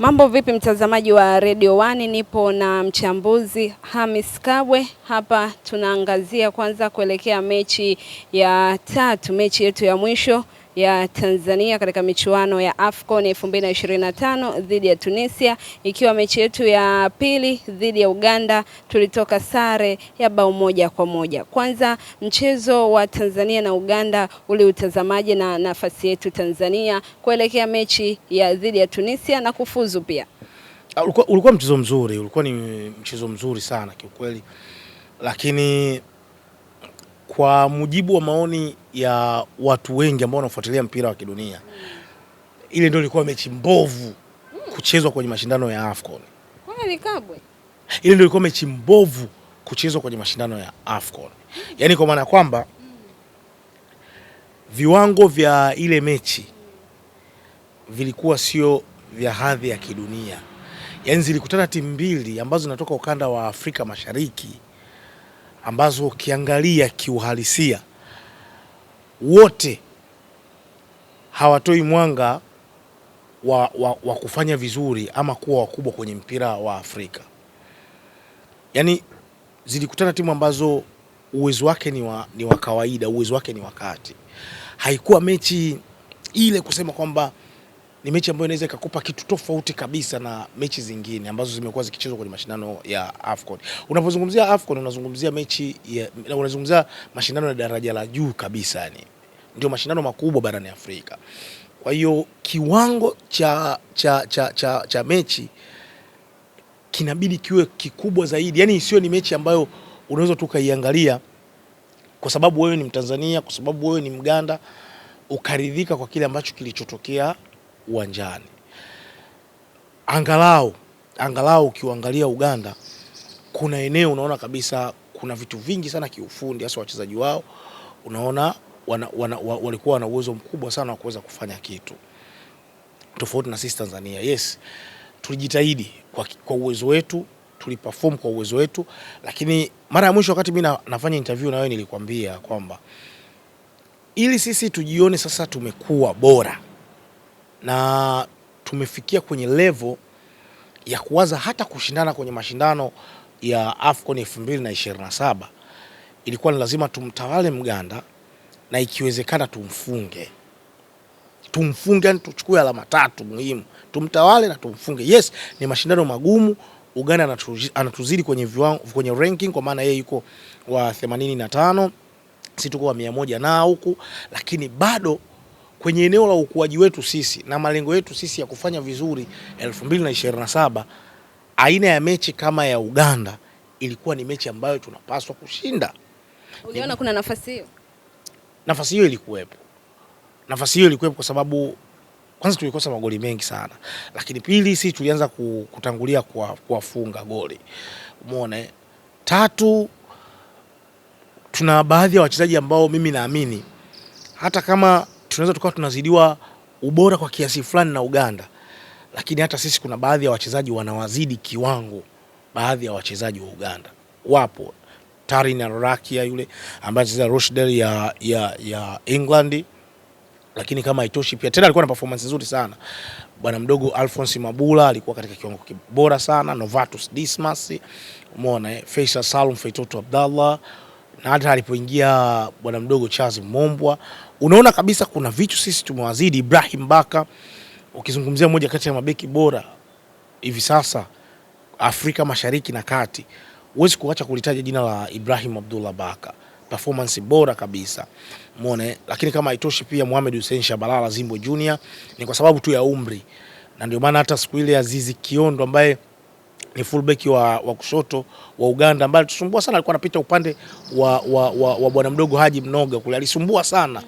Mambo vipi mtazamaji wa Radio 1 nipo na mchambuzi Hamis Kabwe hapa. Tunaangazia kwanza kuelekea mechi ya tatu, mechi yetu ya mwisho ya Tanzania katika michuano ya AFCON 2025 dhidi ya Tunisia, ikiwa mechi yetu ya pili dhidi ya Uganda tulitoka sare ya bao moja kwa moja. Kwanza mchezo wa Tanzania na Uganda uliutazamaje na nafasi yetu Tanzania kuelekea mechi ya dhidi ya Tunisia na kufuzu pia? Ah, ulikuwa, ulikuwa mchezo mzuri, ulikuwa ni mchezo mzuri sana kiukweli, lakini kwa mujibu wa maoni ya watu wengi ambao wanafuatilia mpira wa kidunia, ile ndio ilikuwa mechi mbovu kuchezwa kwenye mashindano ya AFCON. Kweli kabwe. Ile ndio ilikuwa mechi mbovu kuchezwa kwenye mashindano ya AFCON. Yaani kwa maana ya kwamba viwango vya ile mechi vilikuwa sio vya hadhi ya kidunia. Yaani zilikutana timu mbili ambazo zinatoka ukanda wa Afrika Mashariki ambazo ukiangalia kiuhalisia wote hawatoi mwanga wa, wa, wa kufanya vizuri ama kuwa wakubwa kwenye mpira wa Afrika. Yaani zilikutana timu ambazo uwezo wake ni wa, ni wa kawaida, uwezo wake ni wa kati. Haikuwa mechi ile kusema kwamba ni mechi ambayo inaweza ikakupa kitu tofauti kabisa na mechi zingine ambazo zimekuwa zikichezwa kwenye mashindano ya AFCON. Unapozungumzia AFCON unazungumzia mechi ya, unazungumzia mashindano ya daraja la juu kabisa, yani ndio mashindano makubwa barani Afrika. Kwa hiyo kiwango cha, cha, cha, cha, cha mechi kinabidi kiwe kikubwa zaidi, yani sio ni mechi ambayo unaweza tu ukaiangalia kwa sababu wewe ni Mtanzania, kwa sababu wewe ni Mganda ukaridhika kwa kile ambacho kilichotokea uwanjani. Angalau angalau ukiuangalia Uganda, kuna eneo unaona kabisa kuna vitu vingi sana kiufundi, hasa wachezaji wao unaona wana, wana, walikuwa wana uwezo mkubwa sana wa kuweza kufanya kitu tofauti na sisi Tanzania. Yes, tulijitahidi kwa, kwa uwezo wetu tuliperform kwa uwezo wetu, lakini mara ya mwisho wakati mimi nafanya interview na wewe nilikwambia kwamba ili sisi tujione sasa tumekuwa bora na tumefikia kwenye levo ya kuwaza hata kushindana kwenye mashindano ya AFCON 2027 ilikuwa ni lazima tumtawale Mganda na ikiwezekana tumfunge tumfunge, yani tuchukue alama tatu muhimu, tumtawale na tumfunge. Yes, ni mashindano magumu. Uganda anatuzidi, kwenye, viwango, kwenye ranking kwa maana yeye yuko wa 85 si tuko wa 100 na huku, lakini bado kwenye eneo la ukuaji wetu sisi na malengo yetu sisi ya kufanya vizuri 2027 aina ya mechi kama ya Uganda ilikuwa ni mechi ambayo tunapaswa kushinda. Uliona kuna nafasi hiyo, nafasi hiyo ilikuwepo, nafasi hiyo ilikuwepo kwa sababu kwanza tulikosa magoli mengi sana, lakini pili sisi tulianza kutangulia kuwafunga goli, umeona. Eh? Tatu, tuna baadhi ya wachezaji ambao mimi naamini hata kama tunaweza tukawa tunazidiwa ubora kwa kiasi fulani na Uganda, lakini hata sisi kuna baadhi ya wachezaji wanawazidi kiwango baadhi ya wachezaji wa Uganda. Wapo Tarin Arakia yule ambaye anacheza Rochdale ya, ya, ya England, lakini kama haitoshi pia tena alikuwa na performance nzuri sana bwana mdogo Alphonse Mabula alikuwa katika kiwango kibora sana. Novatus Dismas, umeona eh, Faisal Salum, Faitoto Abdallah na hata alipoingia bwana mdogo Charles Mombwa, unaona kabisa kuna vitu sisi tumewazidi. Ibrahim Baka, ukizungumzia moja kati ya mabeki bora hivi sasa Afrika Mashariki na Kati, huwezi kuacha kulitaja jina la Ibrahim Abdullah Baka, performance bora kabisa muone. Lakini kama haitoshi pia Mohamed Hussein Shabalala Zimbo Junior, ni kwa sababu tu ya umri, na ndio maana hata siku ile Azizi Kiondo ambaye ni fullback wa, wa kushoto wa Uganda ambaye alisumbua sana, alikuwa anapita upande wa, wa, wa, wa bwana mdogo Haji Mnoga kule, alisumbua sana.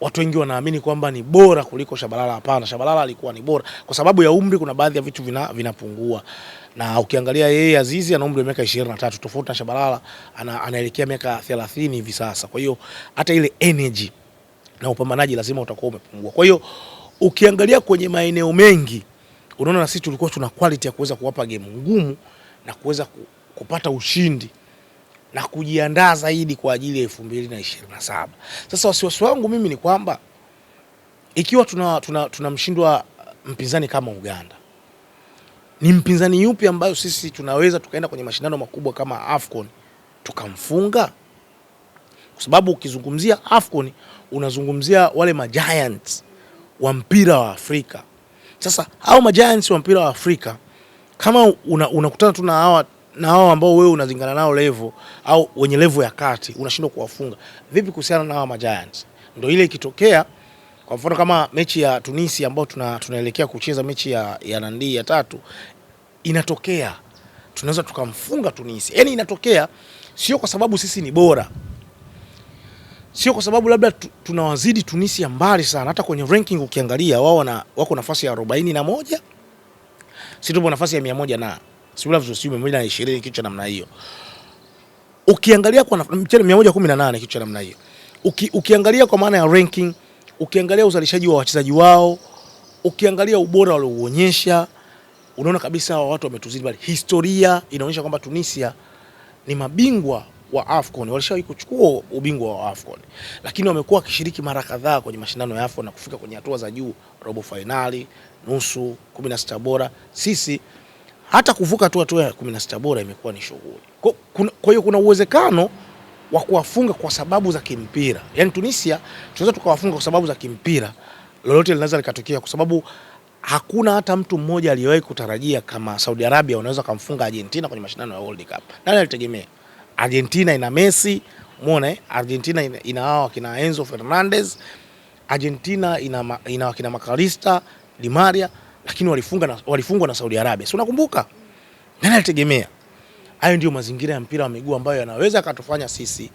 Watu wengi wanaamini kwamba ni bora kuliko Shabalala. Hapana, Shabalala alikuwa ni bora kwa sababu ya umri, kuna baadhi ya vitu vina, vinapungua na ukiangalia yeye Azizi ana umri wa miaka 23 tofauti na Shabalala anaelekea miaka 30 hivi sasa. Kwa hiyo hata ile energy na upambanaji lazima utakuwa umepungua. Kwa hiyo ukiangalia kwenye maeneo mengi unaona, na sisi tulikuwa tuna quality ya kuweza kuwapa game ngumu na kuweza kupata ushindi na kujiandaa zaidi kwa ajili ya 2027. Sasa wasiwasi wangu mimi ni kwamba ikiwa tuna, tuna, tunamshindwa mpinzani kama Uganda, ni mpinzani yupi ambayo sisi tunaweza tukaenda kwenye mashindano makubwa kama Afcon tukamfunga? Kwa sababu ukizungumzia Afcon unazungumzia wale ma giants wa mpira wa Afrika. Sasa hao majiants wa mpira wa Afrika kama una, unakutana tu na hawa na hao ambao wewe unazingana nao level au wenye level ya kati unashindwa kuwafunga vipi? Kuhusiana na hawa majiants, ndio ile ikitokea, kwa mfano kama mechi ya tunisi ambayo tuna, tunaelekea kucheza mechi ya, ya nandi ya tatu, inatokea tunaweza tukamfunga tunisi Yani inatokea sio kwa sababu sisi ni bora sio kwa sababu labda tunawazidi Tunisia mbali sana. Hata kwenye ranking ukiangalia wao wana wako nafasi ya arobaini na moja si tupo nafasi ya mia moja na ishirini kitu cha namna hiyo, ukiangalia kwa mia moja kumi na nane kitu cha namna hiyo uki, ukiangalia kwa maana ya ranking, ukiangalia uzalishaji wa wachezaji wao, ukiangalia ubora waliouonyesha, unaona kabisa hawa watu wametuzidi, bali historia inaonyesha kwamba Tunisia ni mabingwa wa AFCON walishawahi kuchukua ubingwa wa AFCON, lakini wamekuwa wakishiriki mara kadhaa kwenye mashindano ya AFCON na kufika kwenye hatua za juu, robo fainali, nusu, 16 bora. Sisi hata kuvuka tu hatua ya 16 bora imekuwa ni shughuli. Kwa hiyo kuna uwezekano wa kuwafunga kwa sababu za kimpira, yaani Tunisia tunaweza tukawafunga kwa sababu za kimpira. Lolote linaweza likatokea kwa sababu hakuna hata mtu mmoja aliyewahi kutarajia kama Saudi Arabia wanaweza kumfunga Argentina kwenye mashindano ya World Cup. Nani alitegemea? Argentina ina Messi, umeona eh? Argentina ina, hao kina Enzo Fernandez, Argentina ina, ina kina Macalista, Di Maria, lakini walifungwa na, walifungwa na Saudi Arabia. Si unakumbuka? Nani alitegemea? Hayo ndio mazingira ya mpira wa miguu ambayo yanaweza katufanya sisi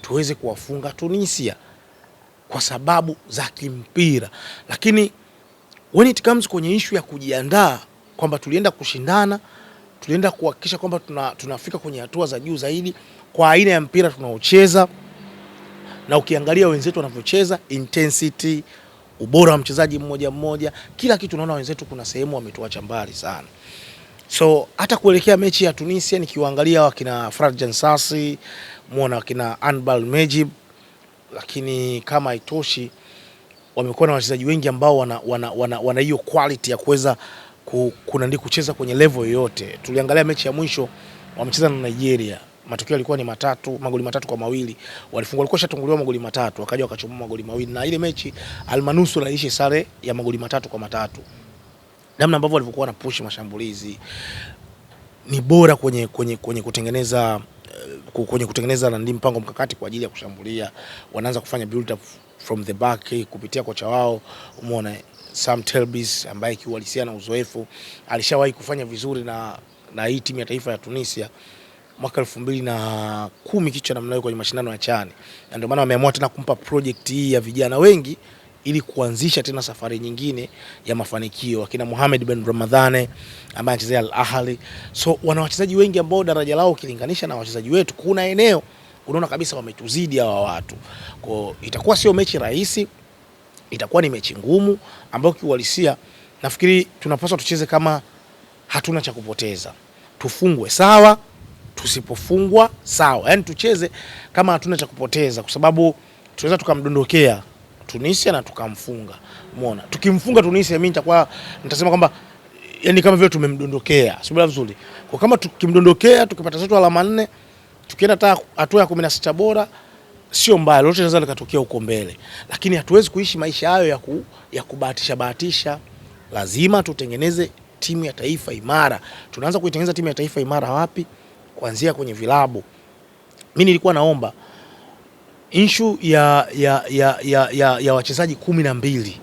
tuweze kuwafunga Tunisia kwa sababu za kimpira, lakini when it comes kwenye ishu ya kujiandaa kwamba tulienda kushindana tulienda kuhakikisha kwamba tuna, tunafika kwenye hatua za juu zaidi kwa aina ya mpira tunaocheza, na ukiangalia wenzetu wanavyocheza intensity, ubora wa mchezaji mmoja mmoja, kila kitu, unaona wenzetu kuna sehemu wametuacha mbali sana. So hata kuelekea mechi ya Tunisia nikiwaangalia wakina Farad Jansasi, muona wakina Anbal Mejib, lakini kama haitoshi wamekuwa na wachezaji wengi ambao wana hiyo wana, wana, wana quality ya kuweza kuna ndi kucheza kwenye level yoyote. Tuliangalia mechi ya mwisho wamecheza na Nigeria, matokeo yalikuwa ni matatu, magoli matatu kwa mawili. Walifungwa, walikuwa shatunguliwa magoli matatu, wakaja wakachomoa magoli mawili, na ile mechi almanusu laishi sare ya magoli matatu kwa matatu. Namna ambavyo walivyokuwa na push mashambulizi ni bora kwenye, kwenye, kwenye kutengeneza eh, kwenye kutengeneza na mpango mkakati kwa ajili ya kushambulia, wanaanza kufanya build up from the back kupitia kocha wao, umeona Sam Telbis ambaye kiuhalisia na uzoefu alishawahi kufanya vizuri na, na hii timu ya taifa ya Tunisia mwaka elfu mbili na kumi kichwa namna hiyo kwenye mashindano ya chani, na ndio maana wameamua tena kumpa project hii ya vijana wengi ili kuanzisha tena safari nyingine ya mafanikio, akina Mohamed Ben Ramadhane ambaye anachezea Al Ahli. So wana wachezaji wengi ambao daraja lao ukilinganisha na wachezaji wetu, kuna eneo unaona kabisa wametuzidi hawa watu. Kwa itakuwa sio mechi rahisi, itakuwa ni mechi ngumu, ambao kiuhalisia nafikiri tunapaswa tucheze kama hatuna cha kupoteza. Tufungwe sawa, tusipofungwa sawa, yani tucheze kama hatuna cha kupoteza, kwa sababu tunaweza tukamdondokea Tunisia na tukamfunga. Umeona, tukimfunga Tunisia, mimi nitakuwa nitasema kwamba yani kama vile tumemdondokea, si bila vizuri, kwa kama tukimdondokea tukipata zetu alama nne tukienda hata hatua ya kumi na sita bora sio mbaya, lolote linaweza likatokea huko mbele, lakini hatuwezi kuishi maisha hayo ya, ku, ya kubahatisha bahatisha. Lazima tutengeneze timu ya taifa imara. Tunaanza kuitengeneza timu ya taifa imara wapi? Kuanzia kwenye vilabu. Mi nilikuwa naomba inshu ya, ya, ya, ya, ya, ya wachezaji kumi na mbili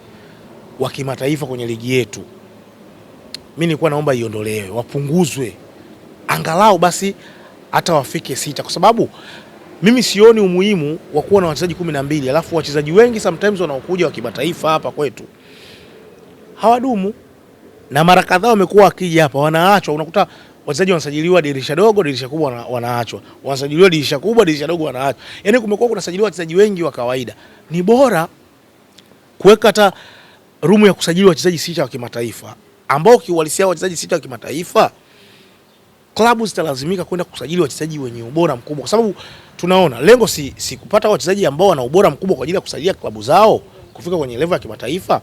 wa kimataifa kwenye ligi yetu, mi nilikuwa naomba iondolewe, wapunguzwe angalau basi hata wafike sita, kwa sababu mimi sioni umuhimu wa kuwa na wachezaji kumi na mbili alafu wachezaji wengi sometimes wanaokuja wa kimataifa hapa kwetu hawadumu, na mara kadhaa wamekuwa wakija hapa wanaachwa. Unakuta wachezaji wanasajiliwa dirisha dogo, dirisha kubwa wanaachwa, wanasajiliwa dirisha kubwa, dirisha dogo wanaachwa. Yani kumekuwa kunasajiliwa wachezaji wengi wa kawaida. Ni bora kuweka hata rumu ya kusajili wachezaji sita wa kimataifa ambao kiuhalisia wachezaji sita wa kimataifa klabu zitalazimika kwenda kusajili wachezaji wenye ubora mkubwa, kwa sababu tunaona lengo si, si kupata wachezaji ambao wana ubora mkubwa kwa ajili ya kusaidia klabu zao kufika kwenye level ya kimataifa.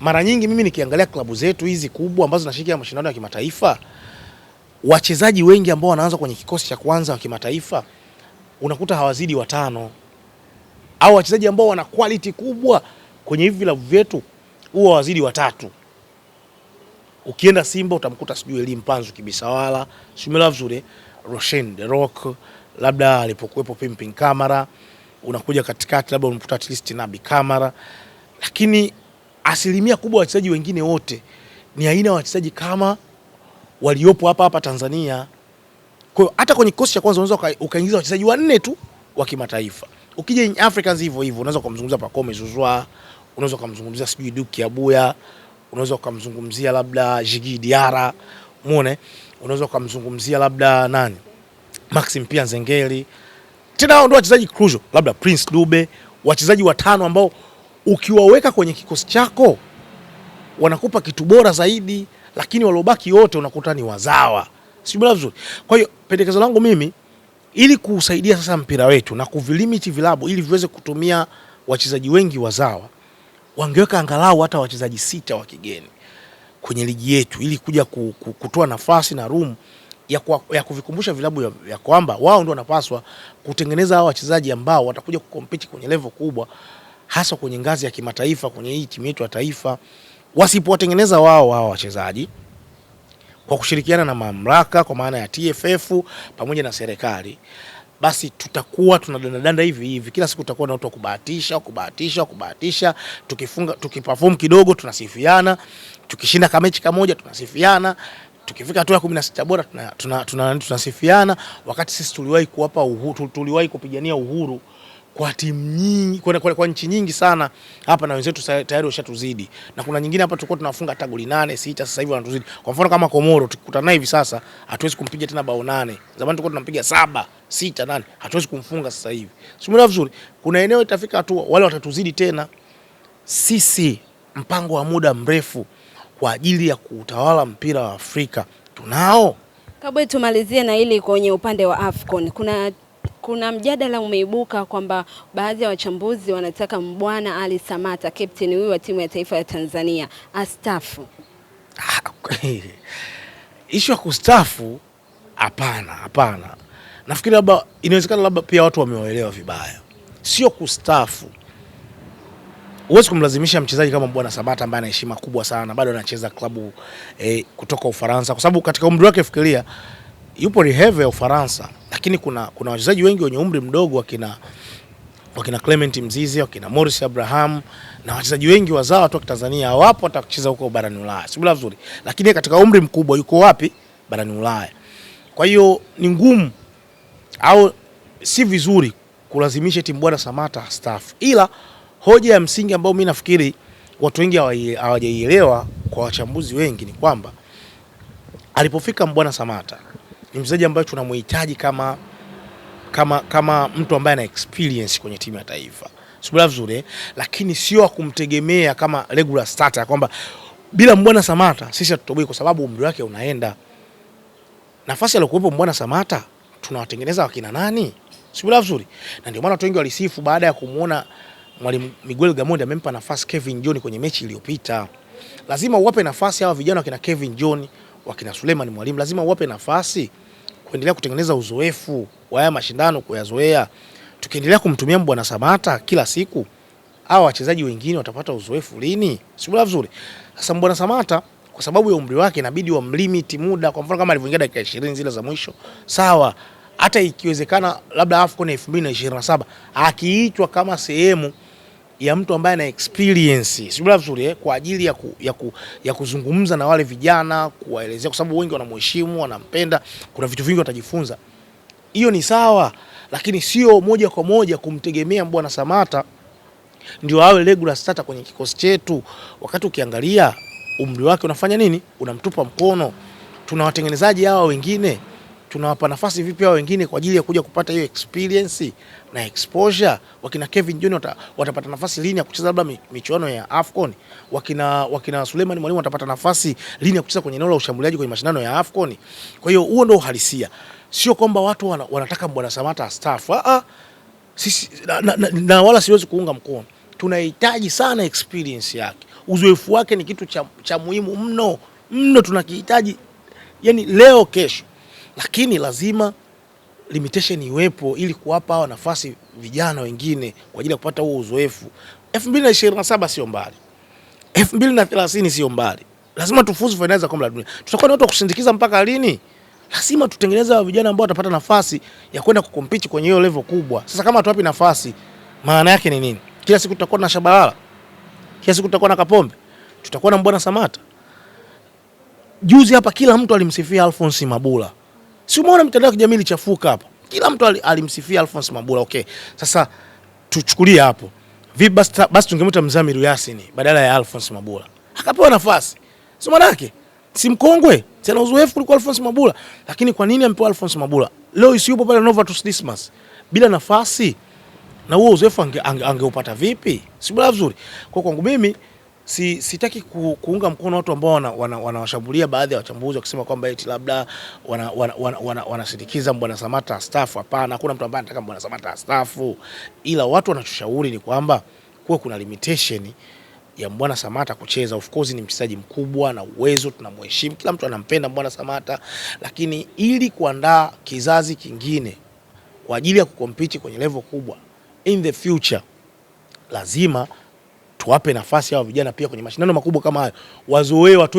Mara nyingi mimi nikiangalia klabu zetu hizi kubwa ambazo zinashiriki mashindano ya kimataifa, wachezaji wengi ambao wanaanza kwenye kikosi cha kwanza wa kimataifa unakuta hawazidi watano, au wachezaji ambao wana quality kubwa kwenye hivi vilabu vyetu huwa hawazidi watatu. Ukienda Simba utamkuta sijui Elimpanzu Kibisawala, vizuri eh? Roshen De Rock, labda alipokuwepo Pimping Kamara, unakuja katikati labda unamkuta at least Nabi Kamara, lakini asilimia kubwa wachezaji wengine wote ni aina ya wachezaji kama waliopo hapa hapa Tanzania. Kwa hiyo hata kwenye kikosi cha kwanza unaweza ukaingiza wachezaji wanne tu wa kimataifa. Ukija in Africans hivyo hivyo unaweza kumzungumzia Pacome Zouzoua, unaweza kumzungumzia sijui Duke Abuya unaweza ukamzungumzia labda Jigi Diara, muone, unaweza ukamzungumzia labda nani, Maxim pia Nzengeli, tena hao ndio wachezaji crucial, labda Prince Dube, wachezaji watano ambao ukiwaweka kwenye kikosi chako wanakupa kitu bora zaidi, lakini waliobaki wote unakuta ni wazawa, sijumla vizuri. Kwa hiyo pendekezo langu mimi ili kuusaidia sasa mpira wetu na kuvilimiti vilabu ili viweze kutumia wachezaji wengi wazawa wangeweka angalau hata wachezaji sita wa kigeni kwenye ligi yetu ili kuja ku, ku, kutoa nafasi na room ya, ya kuvikumbusha vilabu ya, ya kwamba wao ndio wanapaswa kutengeneza hao wachezaji ambao watakuja kukompiti kwenye levo kubwa, hasa kwenye ngazi ya kimataifa, kwenye hii timu yetu ya taifa. Wasipowatengeneza wao hao wachezaji kwa kushirikiana na mamlaka kwa maana ya TFF pamoja na serikali basi tutakuwa tunadandadanda hivi hivi kila siku, tutakuwa na watu wa kubahatisha kubahatisha kubahatisha. Tukifunga tukiperform kidogo tunasifiana, tukishinda kamechi kamoja tunasifiana, tukifika hatua ya kumi na sita bora tunasifiana, tuna, tuna, tuna, tuna wakati sisi tuliwahi kuwapa uhuru, tuliwahi kupigania uhuru kwa timu nyingi, kwa, kwa, kwa nchi nyingi sana hapa, na wenzetu tayari washatuzidi, na kuna nyingine hapa tulikuwa tunafunga hata goli nane sita, sasa hivi wanatuzidi. Kwa mfano kama Komoro tukikutana naye hivi sasa, hatuwezi kumpiga tena bao nane. Zamani tulikuwa tunampiga saba sita nane, hatuwezi kumfunga sasa hivi, simuelewa vizuri. Kuna eneo itafika tu wale watatuzidi tena. Sisi mpango wa muda mrefu kwa ajili ya kutawala mpira wa Afrika tunao. Kabla tumalizie na hili kwenye upande wa AFCON kuna kuna mjadala umeibuka kwamba baadhi ya wachambuzi wanataka Mbwana Ali Samata, captain huyu wa timu ya taifa ya Tanzania astafu Ishu ya kustafu Hapana, hapana. Nafikiri labda inawezekana, labda pia watu wamewaelewa vibaya, sio kustafu Huwezi kumlazimisha mchezaji kama Mbwana Samata ambaye ana heshima kubwa sana, bado anacheza klabu eh, kutoka Ufaransa, kwa sababu katika umri wake fikiria yupo reheve ya Ufaransa, lakini kuna, kuna wachezaji wengi wenye umri mdogo wakina wakina Clement Mzizi, wakina Morris Abraham na wachezaji wengi wazawa tu wa Tanzania hawapo hata kucheza huko barani Ulaya. Si bila vizuri. Lakini katika umri mkubwa yuko wapi? Barani Ulaya. Kwa hiyo ni ngumu au si vizuri kulazimisha timu bwana Samata staf Ila hoja ya msingi ambayo mimi nafikiri watu wengi hawajaielewa kwa wachambuzi wengi ni kwamba alipofika Mbwana Samata ni mchezaji ambaye tunamhitaji kama, kama, kama mtu ambaye ana experience kwenye timu ya taifa subira vizuri, eh? lakini sio kumtegemea kama regular starter kwamba bila Mbwana Samata sisi hatutoboi, kwa sababu umri wake unaenda. Nafasi aliyokuwepo Mbwana Samata tunawatengeneza wakina nani? Subira vizuri, na ndio maana watu wengi walisifu baada ya kumwona mwalimu Miguel Gamondi amempa nafasi Kevin John kwenye mechi iliyopita. Lazima uwape nafasi hawa vijana wakina Kevin John, wakina Suleiman Mwalimu, lazima uwape nafasi kuendelea kutengeneza uzoefu wa haya mashindano kuyazoea. Tukiendelea kumtumia Bwana Samata kila siku, hawa wachezaji wengine watapata uzoefu lini? Si bora vizuri. Sasa Bwana Samata kwa sababu ya umri wake inabidi wamlimiti muda. Kwa mfano kama alivyoingia dakika 20 zile za mwisho, sawa. Hata ikiwezekana labda AFCON 2027 akiitwa kama sehemu ya mtu ambaye ana experience sibla vizuri eh, kwa ajili ya, ku, ya, ku, ya kuzungumza na wale vijana kuwaelezea, kwa sababu wengi wanamheshimu, wanampenda, kuna vitu vingi watajifunza. Hiyo ni sawa, lakini sio moja kwa moja kumtegemea Mbwana Samata ndio awe regular starter kwenye kikosi chetu, wakati ukiangalia umri wake unafanya nini, unamtupa mkono. Tuna watengenezaji hawa wengine tunawapa nafasi vipi hao wengine kwa ajili ya kuja kupata hiyo experience na exposure. Wakina Kevin John wata, watapata nafasi lini ya kucheza labda michuano ya Afcon? Wakina, wakina Suleiman Mwalimu watapata nafasi lini ya kucheza kwenye eneo la ushambuliaji kwenye mashindano ya Afcon? Kwa hiyo huo ndio uhalisia, sio kwamba watu wana, wanataka bwana Samata astaafu ah, ah. sisi, na, na, na, na wala siwezi kuunga mkono. Tunahitaji sana experience yake, uzoefu wake ni kitu cha, cha muhimu mno mno, tunakihitaji yani leo kesho lakini lazima limitation iwepo ili kuwapa hawa nafasi vijana wengine kwa ajili ya kupata huo uzoefu. 2027 sio mbali, 2030 sio mbali, lazima tufuzu fainali za kombe la dunia. Tutakuwa na watu wa kusindikiza mpaka lini? Lazima tutengeneze hawa vijana ambao watapata nafasi ya kwenda kukompiti kwenye hiyo level kubwa. Sasa kama hatuwapi nafasi, maana yake ni nini? Kila siku tutakuwa na Shabalala, kila siku tutakuwa na Kapombe, tutakuwa na Mbwana Samata. Juzi hapa kila mtu alimsifia Alphonce Mabula. Si umeona mitandao ya kijamii ilichafuka hapo, kila mtu alimsifia Alphonse Mabula. Okay, sasa tuchukulie hapo vipi? Basi, basi tungemuta Mzamiru Yasini badala ya Alphonse Mabula akapewa nafasi, si manake si mkongwe tena, uzoefu kuliko Alphonse Mabula. Lakini kwa nini ampewa Alphonse Mabula leo isiyupo pale Novatus Dismas bila nafasi na huo uzoefu angeupata ange, ange vipi? Si bora vizuri kwa kwangu mimi si, sitaki ku, kuunga mkono watu ambao wanawashambulia wana baadhi ya wachambuzi wakisema kwamba eti labda wanasindikiza wana, wana, wana, Mbwana Samata astaafu. Hapana, hakuna mtu ambaye anataka Mbwana Samata astaafu, ila watu wanachoshauri ni kwamba kuwe kuna limitation ya Mbwana Samata kucheza. Of course ni mchezaji mkubwa na uwezo, tunamheshimu, kila mtu anampenda Mbwana Samata, lakini ili kuandaa kizazi kingine kwa ajili ya kukompiti kwenye level kubwa in the future lazima tuwape nafasi hawa vijana pia kwenye mashindano makubwa kama hayo wazoee watu